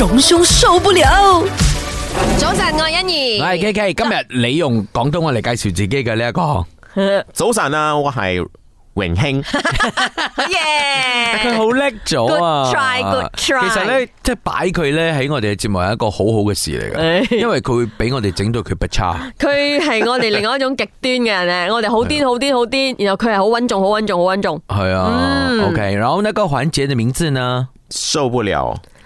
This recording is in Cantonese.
榮兄受不了，早晨我係欣宜，係 K K，今日你用廣東話嚟介紹自己嘅呢一個早晨啊，我係榮興耶！佢好叻咗啊，Good try，Good try，其實咧即係擺佢咧喺我哋嘅節目係一個好好嘅事嚟嘅，因為佢會俾我哋整到佢不差，佢係我哋另外一種極端嘅人咧，我哋好癲好癲好癲，然後佢係好穩重好穩重好穩重，係啊，OK，然後呢個環節嘅名字呢？受不了。